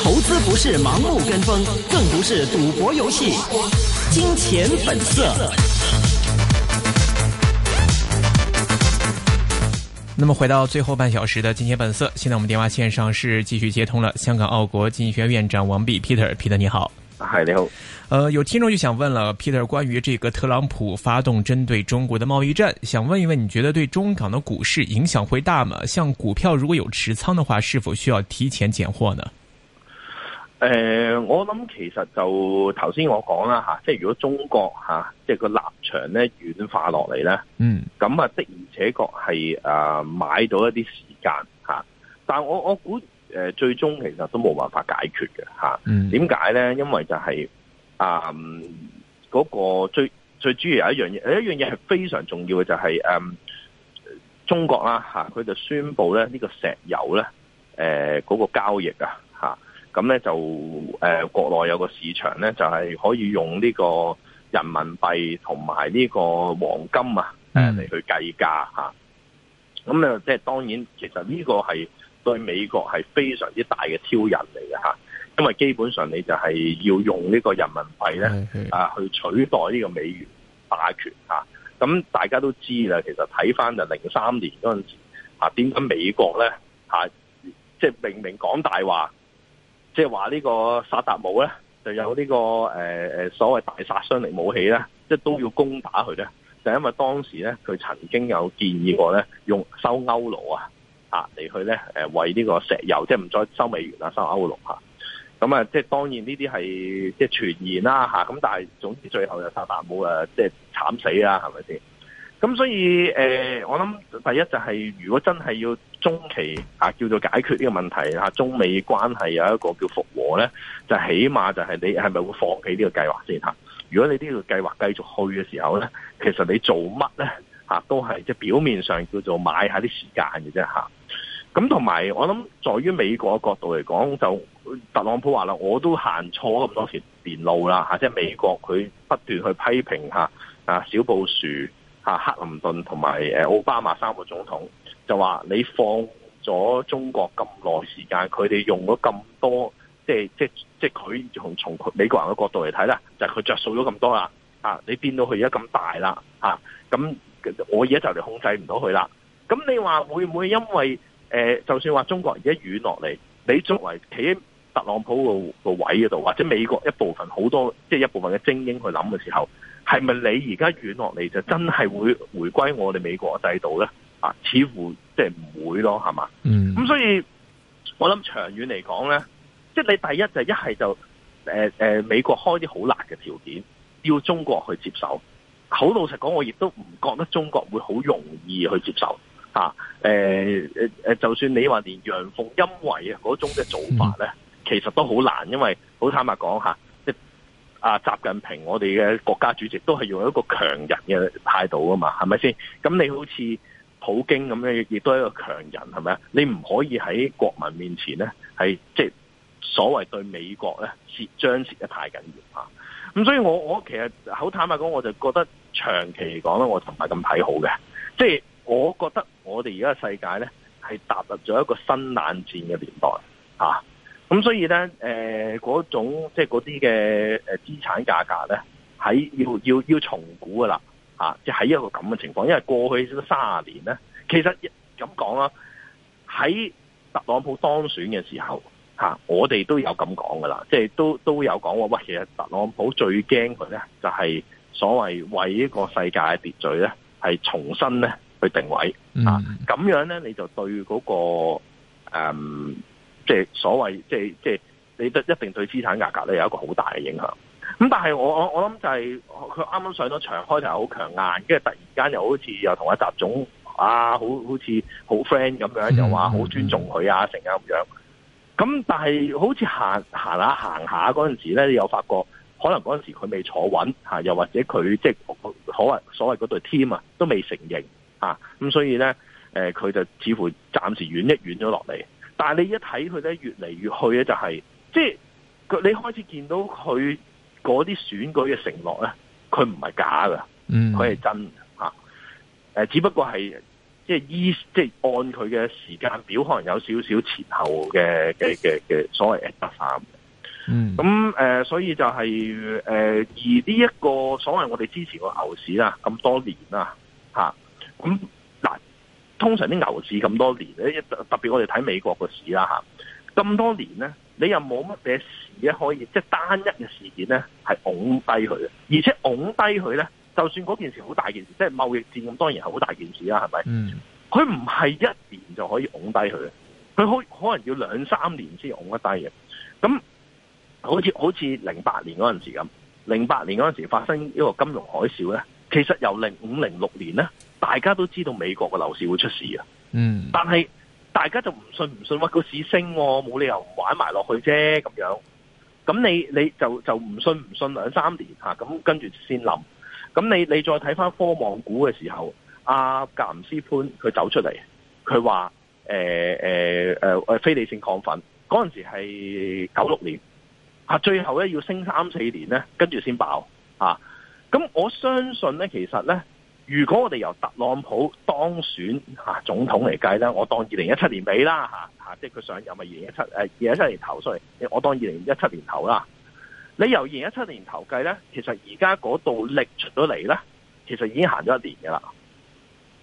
投資不是盲目跟風，更不是賭博遊戲。金錢本色。那麼回到最後半小時的金錢本色，現在我們電話線上是繼續接通了。香港澳國經濟學院院長王弼 Peter，Peter 你好，啊，係你好。呃，有聽眾就想問了，Peter，關於這個特朗普發動針對中國的貿易戰，想問一問，你覺得對中港的股市影響會大嗎？像股票如果有持倉的話，是否需要提前減貨呢？誒、呃，我諗其實就頭先我講啦吓，即係如果中國吓，即係個立場咧，軟化落嚟咧，嗯，咁啊的而且確係誒買到一啲時間吓，但係我我估誒最終其實都冇辦法解決嘅吓，嗯，點解咧？因為就係、是。啊、嗯，嗰、那個最最主要有一樣嘢，一樣嘢係非常重要嘅，就是，就係誒，中國啦吓，佢就宣布咧呢個石油咧誒嗰個交易啊吓，咁咧就誒、呃、國內有個市場咧就係、是、可以用呢個人民幣同埋呢個黃金啊誒嚟去計價吓，咁咧即係當然，其實呢個係對美國係非常之大嘅挑釁嚟嘅吓。因為基本上你就係要用呢個人民幣咧啊，去取代呢個美元霸權嚇。咁、啊啊、大家都知啦，其實睇翻就零三年嗰陣時啊，點解美國咧嚇，即、啊、係、就是、明明講大話，即係話呢個薩達姆咧就有呢、這個誒誒、呃、所謂大殺傷力武器咧，即、就、係、是、都要攻打佢咧，就是、因為當時咧佢曾經有建議過咧，用收歐羅啊啊嚟去咧誒為呢個石油，即係唔再收美元啊，收歐羅嚇。啊。咁啊，即係當然呢啲係即係傳言啦，吓，咁但係總之最後就薩達姆誒，即係慘死啦，係咪先？咁所以誒，我諗第一就係、是、如果真係要中期啊，叫做解決呢個問題，中美關係有一個叫復和咧，就起碼就係你係咪會放棄呢個計劃先吓？如果你呢個計劃繼續去嘅時候咧，其實你做乜咧吓都係即係表面上叫做買下啲時間嘅啫吓。咁同埋我諗，在於美國嘅角度嚟講就。特朗普話啦，我都行錯咁多條電路啦嚇，即係美國佢不斷去批評嚇啊，小布殊、嚇克林頓同埋誒奧巴馬三個總統，就話你放咗中國咁耐時間，佢哋用咗咁多，即係即係即係佢從從美國人嘅角度嚟睇啦就係、是、佢著數咗咁多啦嚇，你變到佢而家咁大啦嚇，咁我而家就嚟控制唔到佢啦。咁你話會唔會因為誒，就算話中國而家軟落嚟，你作為企？特朗普個個位嗰度，或者美國一部分好多即係一部分嘅精英去諗嘅時候，係咪你而家軟落嚟，就真係會回歸我哋美國嘅制度咧？啊，似乎即係唔會咯，係嘛？Mm. 嗯，咁所以我諗長遠嚟講咧，即係你第一就是、一係就誒誒、呃呃，美國開啲好辣嘅條件，要中國去接受。好老實講，我亦都唔覺得中國會好容易去接受。吓、啊，誒誒誒，就算你話連陽奉陰違啊嗰種嘅做法咧。Mm. 其實都好難，因為好坦白講吓，即係阿習近平，我哋嘅國家主席都係用一個強人嘅態度啊嘛，係咪先？咁你好似普京咁樣，亦都係一個強人，係咪啊？你唔可以喺國民面前咧，係即係所謂對美國咧，涉疆涉得太緊要啊！咁所以我我其實好坦白講，我就覺得長期嚟講咧，我唔係咁睇好嘅。即係我覺得我哋而家世界咧，係踏入咗一個新冷戰嘅年代啊！咁所以咧，誒、呃，嗰種即係嗰啲嘅誒資產價格咧，喺要要要重估噶啦，吓、啊，即係喺一個咁嘅情況。因為過去三十年咧，其實咁講啦，喺特朗普當選嘅時候，吓、啊，我哋都有咁講噶啦，即係都都有講過，喂，其實特朗普最驚佢咧，就係所謂為呢個世界嘅秩序咧，係重新咧去定位，啊，咁樣咧，你就對嗰個誒。嗯即係所謂，即係即係，你都一定對資產價格咧有一個好大嘅影響。咁但係我我我諗就係佢啱啱上咗場，開頭好強硬，跟住突然間又好似又同阿習總啊，好好似好 friend 咁樣，又話好尊重佢啊，成啊咁樣。咁、嗯、但係好似行行下行下嗰陣時呢，你又發覺可能嗰陣時佢未坐穩嚇，又或者佢即係好啊所謂嗰隊 team 啊都未承認啊，咁、啊、所以咧誒佢就似乎暫時軟一軟咗落嚟。但係你一睇佢咧，越嚟越去咧，就是，就係即係你開始見到佢嗰啲選舉嘅承諾咧，佢唔係假㗎，嗯，佢係真㗎，誒，只不過係即係即係按佢嘅時間表，可能有少少前後嘅嘅嘅嘅所謂 adapt 翻嗯，咁誒，所以就係，是，誒，而呢，這，一個所謂我哋支持個牛市啦，咁多年啦，吓咁。.通常啲牛市咁多年咧，特別我哋睇美國個市啦吓，咁多年咧，你又冇乜嘢事咧可以，即係單一嘅事件咧係拱低佢嘅，而且拱低佢咧，就算嗰件事好大件事，即係貿易戰咁，當然係好大件事啦，係咪？嗯。佢唔係一年就可以拱低佢嘅，佢好可能要兩三年先拱得低嘅。咁好似好似零八年嗰陣時咁，零八年嗰陣時發生一個金融海嘯咧，其實由零五零六年咧。大家都知道美國嘅樓市會出事啊，嗯，但係大家就唔信唔信，話個市升，啊，冇理由唔玩埋落去啫咁樣。咁你你就就唔信唔信兩三年嚇，咁、啊、跟住先諗。咁你你再睇翻科網股嘅時候，阿格林斯潘佢走出嚟，佢話誒誒非理性亢奮，嗰陣時係九六年，啊、最後咧要升三四年咧，跟住先爆嚇。咁、啊、我相信咧，其實咧。如果我哋由特朗普當選吓、啊、總統嚟計咧，我當二零一七年尾啦吓吓，即係佢上任咪二零一七誒二零一七年頭，所以我當二零一七年頭啦。你由二零一七年頭計咧，其實而家嗰度力出咗嚟咧，其實已經行咗一年噶啦。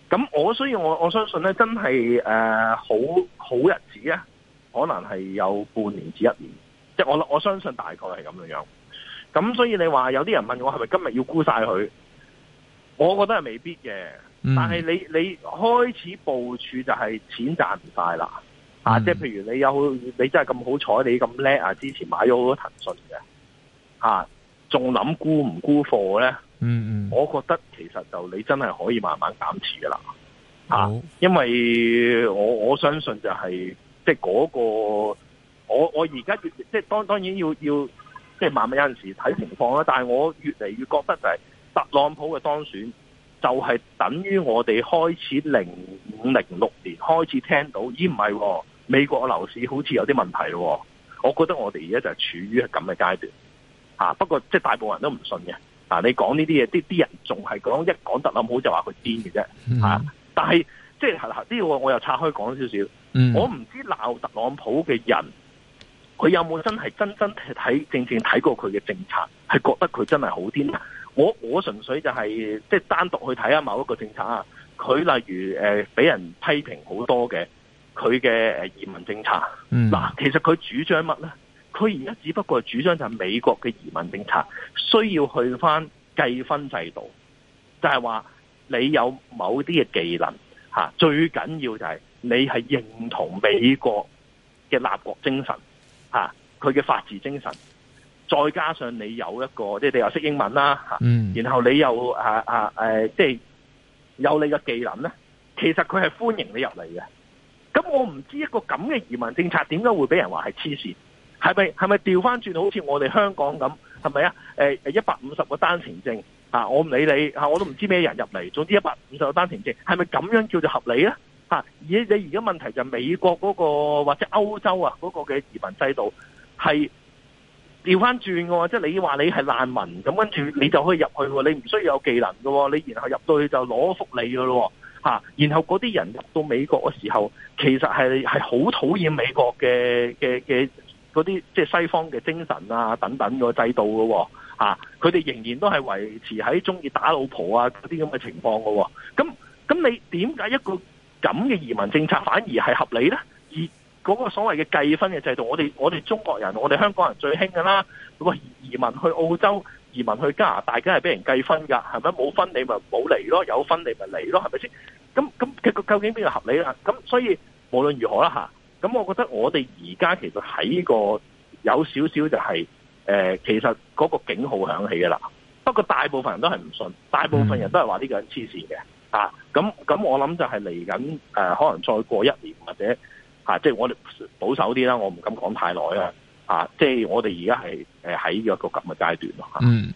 咁我所以我我相信咧，真係誒、呃、好好日子呀，可能係有半年至一年，即、就、係、是、我我相信大概係咁樣樣。咁所以你話有啲人問我係咪今日要沽晒佢？我覺得係未必嘅，但係你你開始部署就係錢賺唔晒啦，啊！即係譬如你有你真係咁好彩，你咁叻啊！之前買咗好多騰訊嘅，啊，仲諗沽唔沽貨咧？嗯嗯，我覺得其實就你真係可以慢慢減持噶啦，啊，因為我我相信就係即係嗰個我我而家即係當當然要要即係慢慢有陣時睇情況啦，但係我越嚟越覺得就係。特朗普嘅當選就係等於我哋開始零五零六年開始聽到，咦唔係美國嘅樓市好似有啲問題咯。我覺得我哋而家就係處於咁嘅階段，吓。不過即係大部分人都唔信嘅。嗱，你講呢啲嘢，啲啲人仲係講一講特朗普就話佢癲嘅啫。吓、mm-hmm.，但係即係嗱，呢個我又拆開講少少。我唔知鬧特朗普嘅人，佢有冇真係真真睇正正睇過佢嘅政策，係覺得佢真係好癲。我我純粹就係即係單獨去睇下某一個政策啊，佢例如誒俾人批評好多嘅，佢嘅誒移民政策，嗱，其實佢主張乜咧？佢而家只不過主張就係美國嘅移民政策需要去翻計分制度，就係話你有某啲嘅技能吓，最緊要就係你係認同美國嘅立國精神吓，佢嘅法治精神。再加上你有一個，即係你又識英文啦嚇，嗯、然後你又啊啊誒、呃，即係有你嘅技能咧，其實佢係歡迎你入嚟嘅。咁我唔知一個咁嘅移民政策點解會俾人話係黐線？係咪係咪調翻轉？好似我哋香港咁，係咪啊？誒一百五十個單程證嚇，我唔理你嚇，我都唔知咩人入嚟。總之一百五十個單程證，係咪咁樣叫做合理咧？嚇、啊！而你而家問題就係美國嗰個或者歐洲啊嗰個嘅移民制度係。調翻轉嘅，即係你話你係難民咁，跟住你就可以入去，你唔需要有技能喎，你然後入到去就攞福利噶咯，吓，然後嗰啲人入到美國嘅時候，其實係係好討厭美國嘅嘅嘅嗰啲即係西方嘅精神啊等等個制度嘅，吓、啊，佢哋仍然都係維持喺中意打老婆啊嗰啲咁嘅情況嘅，咁咁你點解一個咁嘅移民政策反而係合理呢？嗰個所謂嘅計分嘅制度，我哋我哋中國人，我哋香港人最興㗎啦。喂，移民去澳洲、移民去加拿大，梗係俾人計分㗎，係咪？冇分你咪冇嚟咯，有分你咪嚟咯，係咪先？咁咁，究竟邊個合理啦？咁所以無論如何啦嚇，咁我覺得我哋而家其實喺個有少少就係、是呃、其實嗰個警號響起嘅啦。不過大部分人都係唔信，大部分人都係話呢個人黐線嘅啊。咁咁，那我諗就係嚟緊誒，可能再過一年或者。.吓，即係我哋保守啲啦，我唔敢講太耐啊！即係我哋而家係誒喺一個咁嘅階段咯、啊、嗯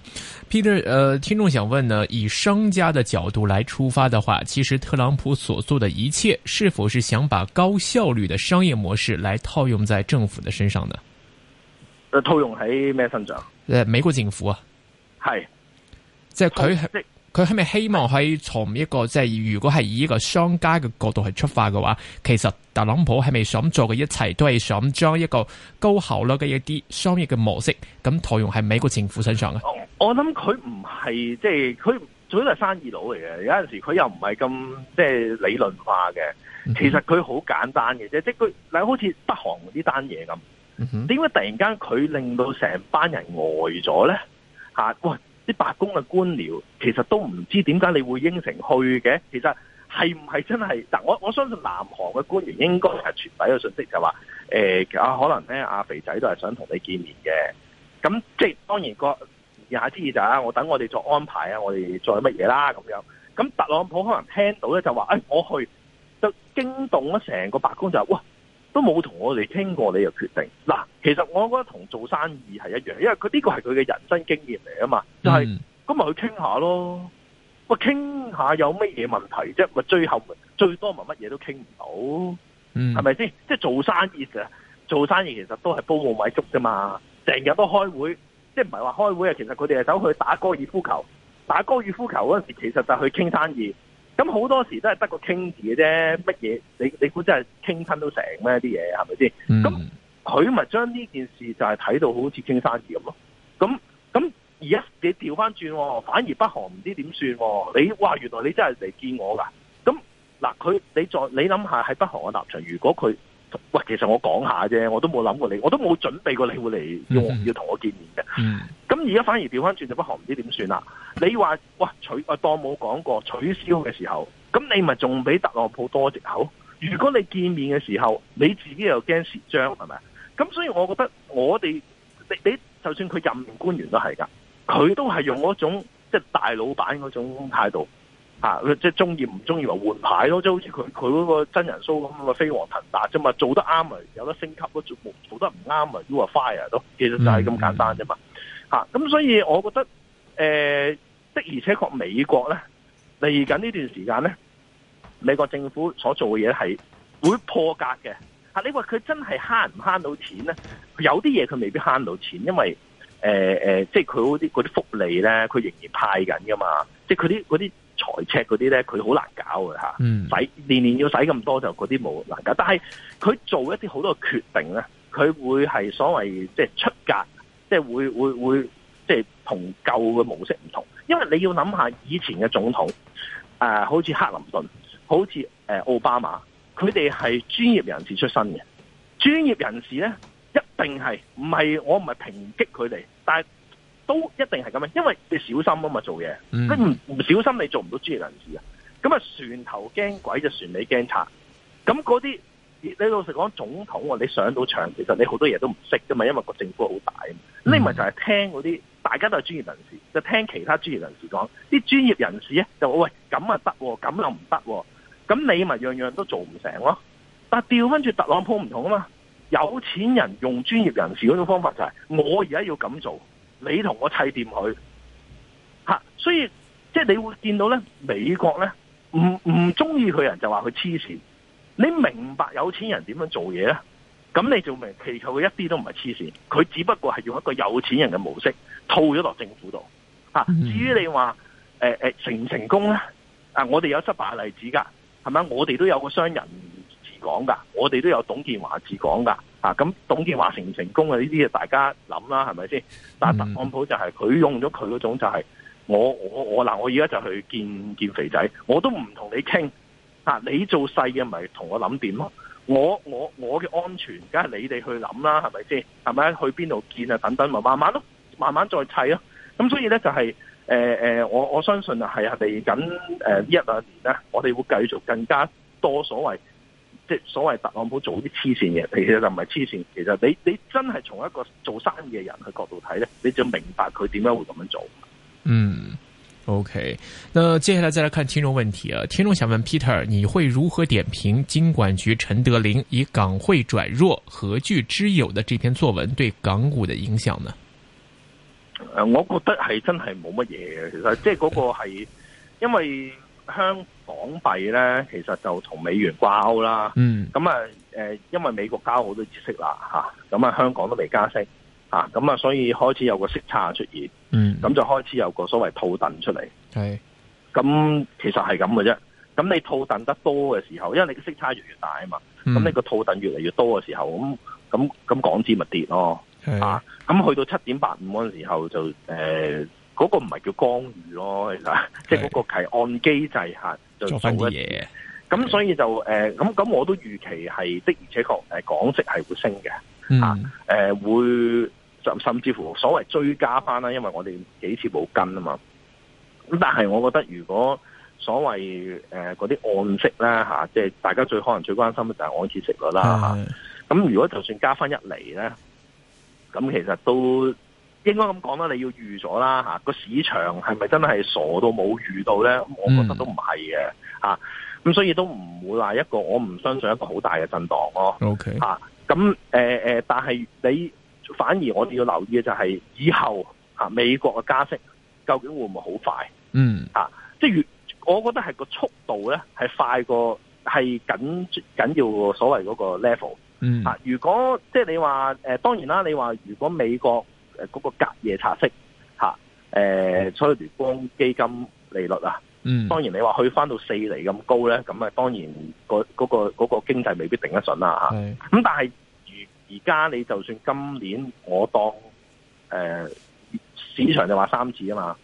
，Peter 誒、呃，聽眾想問呢，以商家嘅角度來出發嘅話，其實特朗普所做嘅一切，是否是想把高效率嘅商業模式來套用在政府嘅身上呢？誒、呃，套用喺咩身上？誒，美國政府啊，係即係佢。佢係咪希望可以從一個即係如果係以一個商家嘅角度去出發嘅話，其實特朗普係咪想做嘅一切都係想將一個高效率嘅一啲商業嘅模式咁套用喺美國政府身上嘅？我諗佢唔係即係佢總之係生意佬嚟嘅，有陣時佢又唔係咁即係理論化嘅。其實佢好簡單嘅啫，即係佢嗱好似北韓呢單嘢咁，點解突然間佢令到成班人呆咗咧？吓！喂！啲白宮嘅官僚其實都唔知點解你會應承去嘅，其實係唔係真係？我我相信南韓嘅官員應該係傳嚟呢個訊息，就話，欸，可能咧，阿肥仔都係想同你見面嘅。咁即係當然個言下之意就係啦，我等我哋作安排啊，我哋再乜嘢啦咁樣。咁特朗普可能聽到咧就話誒，欸，我去就驚動咗成個白宮就哇！都冇同我哋傾過你嘅決定，嗱，其實我覺得同做生意係一樣，因為佢呢個係佢嘅人生經驗嚟啊嘛，就係咁咪去傾下咯，喂，傾下有乜嘢問題啫，咪最後最多咪乜嘢都傾唔到，係咪先？即係做生意時，做生意其實都係煲冇米粥啫嘛，成日都開會，即係唔係話開會啊，其實佢哋係走去打高爾夫球，打高爾夫球嗰陣時，其實就去傾生意。咁好多時都係得個傾字嘅啫，乜嘢？你你估真係傾親都成咩啲嘢？係咪先？咁佢咪將呢件事就係睇到好似傾生意咁咯。咁咁而家你調翻轉，反而北韓唔知點算？你哇，原來你真係嚟見我㗎？咁嗱，佢你再你諗下喺北韓嘅立場，如果佢。喂，其實我講下啫，我都冇諗過你，我都冇準備過你會嚟要要同我見面嘅。咁而家反而調返轉，就不行，唔知點算啦。你話喂取，當冇講過取消嘅時候，咁你咪仲畀特朗普多借口？如果你見面嘅時候，你自己又驚蝕章係咪？咁所以我覺得我哋你你就算佢任命官員都係噶，佢都係用嗰種即係、就是、大老闆嗰種態度。啊！佢即係中意唔中意，話換牌咯，即係好似佢佢嗰個真人 show 咁啊，飛黃騰達啫嘛，做得啱咪有得升級做，做得唔啱咪 You are fire 咯，其實就係咁簡單啫嘛。吓、嗯，咁、啊、所以我覺得誒、呃，的而且確美國咧嚟緊呢段時間咧，美國政府所做嘅嘢係會破格嘅。吓、啊，你話佢真係慳唔慳到錢咧？有啲嘢佢未必慳到錢，因為誒誒、呃呃，即係佢嗰啲啲福利咧，佢仍然派緊噶嘛，即係佢啲啲。台尺嗰啲咧，佢好難搞嘅嚇，使、嗯、年年要使咁多就嗰啲冇難搞。但係佢做一啲好多嘅決定咧，佢會係所謂即係出格，即係會會會即係同舊嘅模式唔同。因為你要諗下以前嘅總統，誒、呃、好似克林頓，好似誒、呃、奧巴馬，佢哋係專業人士出身嘅。專業人士咧，一定係唔係我唔係抨擊佢哋，但係都一定係咁樣，因為你小心啊嘛做嘢，你唔唔小心你做唔到專業人士啊。咁啊，船頭驚鬼就船尾驚賊。咁嗰啲你老實講，總統你上到場，其實你好多嘢都唔識噶嘛，因為個政府好大。你咪就係聽嗰啲大家都係專業人士，就聽其他專業人士講。啲專業人士呢，喂就喂咁啊，得，咁又唔得。咁你咪樣樣都做唔成咯。但調翻轉，特朗普唔同啊嘛，有錢人用專業人士嗰種方法就係、是，我而家要咁做。你同我砌掂佢，吓、啊，所以即係你會見到咧，美國咧唔唔中意佢人就話佢黐線。你明白有錢人點樣做嘢咧？咁你就明其他他，其實佢一啲都唔係黐線，佢只不過係用一個有錢人嘅模式套咗落政府度吓、啊。至於你話誒誒成唔成功咧？啊，我哋有失敗例子㗎，係咪？我哋都有個商人治港㗎，我哋都有董建華治港㗎。啊，咁董建華成唔成功啊？呢啲啊，大家諗啦，係咪先？但特朗普就係、係、佢用咗佢嗰種，就係我我我嗱，我而家就去見見肥仔，我都唔同你傾啊！你做細嘅咪同我諗點咯？我我我嘅安全，梗係你哋去諗啦，係咪先？係咪去邊度見啊？等等，咪慢慢咯，慢慢再砌咯。咁所以咧，就係誒誒，我、呃呃、我相信啊，係嚟緊誒一兩年咧，我哋會繼續更加多所謂。即所謂特朗普做啲黐線嘢，其實就唔係黐線。其實你你真係從一個做生意嘅人嘅角度睇咧，你就明白佢點解會咁樣做。嗯，OK。那接下來再來看聽眾問題啊，聽眾想問 Peter，你會如何點評金管局陳德霖以港匯轉弱何懼之有的這篇作文對港股的影響呢？我覺得係真係冇乜嘢嘅，其實即係嗰個係因為香。港幣咧，其實就同美元掛鈎啦。咁、嗯、啊，誒、呃，因為美國交好多息啦嚇，咁啊，啊，香港都未加息嚇，咁啊，啊，所以開始有個息差出現。咁、嗯、就開始有個所謂套戥出嚟。係，咁其實係咁嘅啫。咁你套戥得多嘅時候，因為你嘅息差越嚟越大啊嘛。咁、嗯、你個套戥越嚟越多嘅時候，咁咁咁港紙咪跌咯。啊，咁去到七點八五嗰陣時候就誒，嗰、呃那個唔係叫干預咯，其實即係嗰個係按機制行。做翻嘢，咁所以就誒，咁咁、呃、我都預期係的而且確，港息係會升嘅、嗯啊，會甚甚至乎所謂追加翻啦，因為我哋幾次冇跟啊嘛。咁但係我覺得，如果所謂嗰啲按息啦，即係大家最可能最關心嘅就係按揭息率啦。咁如果就算加翻一厘咧，咁其實都。應該咁講啦，你要預咗啦嚇，個市場係咪真係傻到冇預到咧？嗯、我覺得都唔係嘅咁所以都唔會話一個我唔相信一個好大嘅震盪咯。OK 咁、嗯、誒但係你反而我哋要留意嘅就係、是、以後美國嘅加息究竟會唔會好快？嗯即、嗯、係我覺得係個速度咧係快過係緊緊要所謂嗰個 level。嗯如果即係你話誒，當然啦，你話如果美國。誒，嗰個隔夜拆息吓，誒、呃，所以聯邦基金利率啊，嗯，當然你話去返到四厘咁高咧？咁、那個那個那個、啊，當然個嗰個嗰個經濟未必定得順啦吓。咁但係而而家你就算今年我當誒、呃、市場你話三次啊嘛，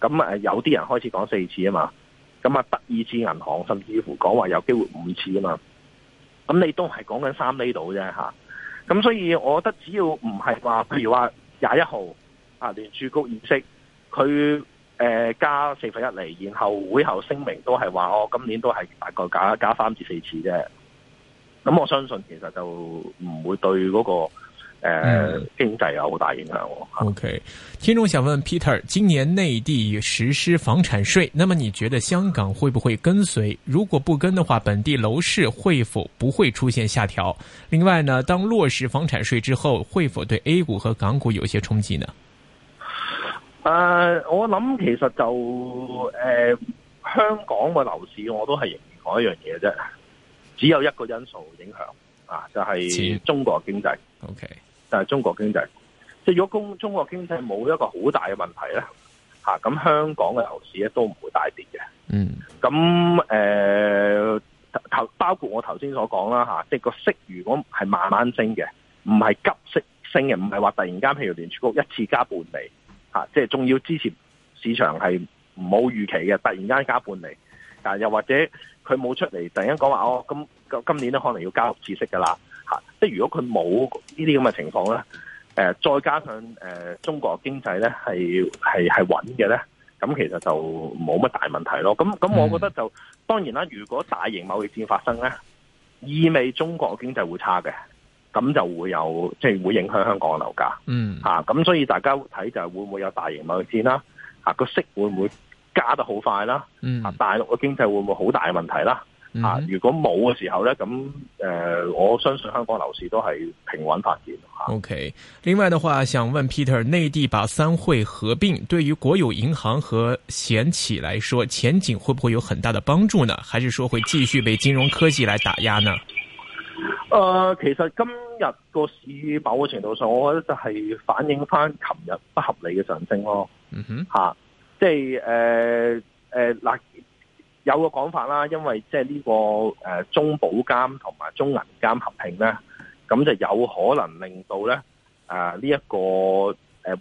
咁啊有啲人開始講四次啊嘛，咁啊得二次銀行甚至乎講話有機會五次啊嘛，咁你都係講緊三厘度啫吓。咁、啊、所以我覺得只要唔係話譬如話。廿一號啊，聯儲局議息，佢誒、呃、加四分一厘，然後會後聲明都係話我今年都係大概加加三至四次啫，咁我相信其實就唔會對嗰、嗰個，誒、呃嗯，經濟有好大影響。哦。O、okay、K，聽眾想問 Peter，今年內地實施房產稅，那麼你覺得香港會不會跟隨？如果不跟的話，本地樓市會否不會出現下調？另外呢，當落實房產稅之後，會否對 A 股和港股有些衝擊呢？誒、呃，我諗其實就誒、呃，香港嘅樓市我都係仍然講一樣嘢啫，只有一個因素影響啊，就係、是、中國經濟。O K。Okay. 但係中國經濟，即係如果中中國經濟冇一個好大嘅問題咧，嚇咁香港嘅樓市咧都唔會大跌嘅。嗯，咁誒頭包括我頭先所講啦嚇，即係個息如果係慢慢升嘅，唔係急息升嘅，唔係話突然間譬如聯儲局一次加半厘，嚇，即係仲要之前市場係冇預期嘅，突然間加半厘。但又或者佢冇出嚟突然間講話哦，咁今，今年都可能要加六次息噶啦。即係如果佢冇呢啲咁嘅情況咧，誒，再加上誒，中國經濟咧係係係穩嘅咧，咁其實就冇乜大問題咯。咁咁，我覺得就當然啦。如果大型貿易戰發生咧，意味中國經濟會差嘅，咁就會有即係、就是、會影響香港嘅樓價。嗯，啊，咁所以大家睇就會唔會有大型貿易戰啦？啊，個息會唔會加得好快啦？啊，大陸嘅經濟會唔會好大嘅問題啦？啊！如果冇嘅時候咧，咁誒、呃，我相信香港樓市都係平穩發展，啊。OK。另外的話，想問 Peter，內地把三會合併，對於國有銀行和險企來說，前景會不會有很大的幫助呢？還是說會繼續被金融科技來打壓呢？誒、呃，其實今日個市某個程度上，我覺得就係反映翻琴日不合理嘅上升咯。嗯哼，吓、啊，即係誒誒嗱。呃呃呃有個講法啦，因為即係呢個中保監同埋中銀監合併咧，咁就有可能令到咧誒呢一個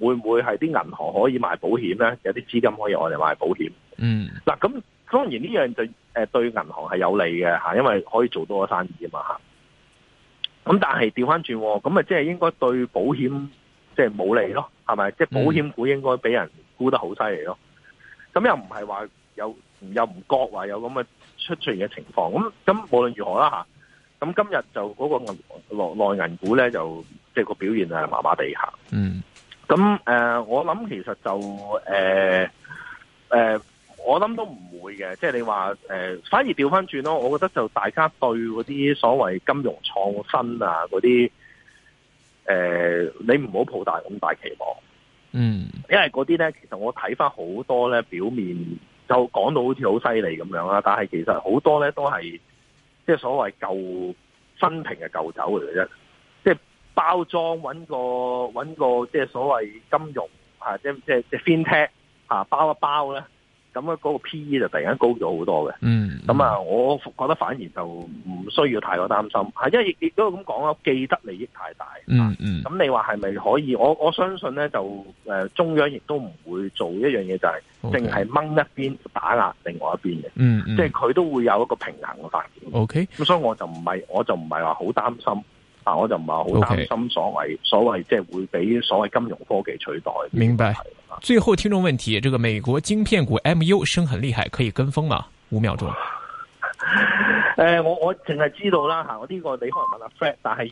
會唔會係啲銀行可以賣保險咧？有啲資金可以我哋賣保險。嗯，嗱咁當然呢樣就對銀行係有利嘅嚇，因為可以做多個生意啊嘛嚇。咁但係調翻轉，咁咪即係應該對保險即係冇利咯？係咪？即係保險股應該俾人沽得好犀利咯？咁，嗯，又唔係話有。又唔覺話有咁嘅出出現嘅情況，咁咁無論如何啦吓，咁今日就嗰個銀內內銀股咧，就即係個表現啊，麻麻地吓。嗯，咁誒、呃，我諗其實就誒誒、呃呃，我諗都唔會嘅，即係你話誒，反而調翻轉咯。我覺得就大家對嗰啲所謂金融創新啊，嗰啲誒，你唔好抱大咁大期望。嗯，因為嗰啲咧，其實我睇翻好多咧，表面。就講到好似好犀利咁樣啦，但係其實好多咧都係即係所謂舊新瓶嘅舊酒嚟嘅啫，即係包裝揾個揾個即係所謂金融嚇、啊，即即即 fintech、啊、包一包咧，咁啊嗰個 PE 就突然間高咗好多嘅。嗯。咁、嗯、啊、嗯，我覺得反而就唔需要太過擔心，係因為亦都咁講啦，既得利益太大。嗯嗯。咁你話係咪可以？我我相信咧，就、呃、中央亦都唔會做一樣嘢，就係淨係掹一邊打壓另外一邊嘅。嗯，嗯即係佢都會有一個平衡嘅發展。O、嗯、K。咁所以我就唔係，我就唔係話好擔心，但我就唔係好擔心所謂、嗯、所謂即係會俾所謂金融科技取代。明白。啊、最後，聽眾問題：這個美國晶片股 M U 升很厲害，可以跟風啊。五秒鐘。誒，我我淨係知道啦吓，我呢個你可能問阿 Fred，但係。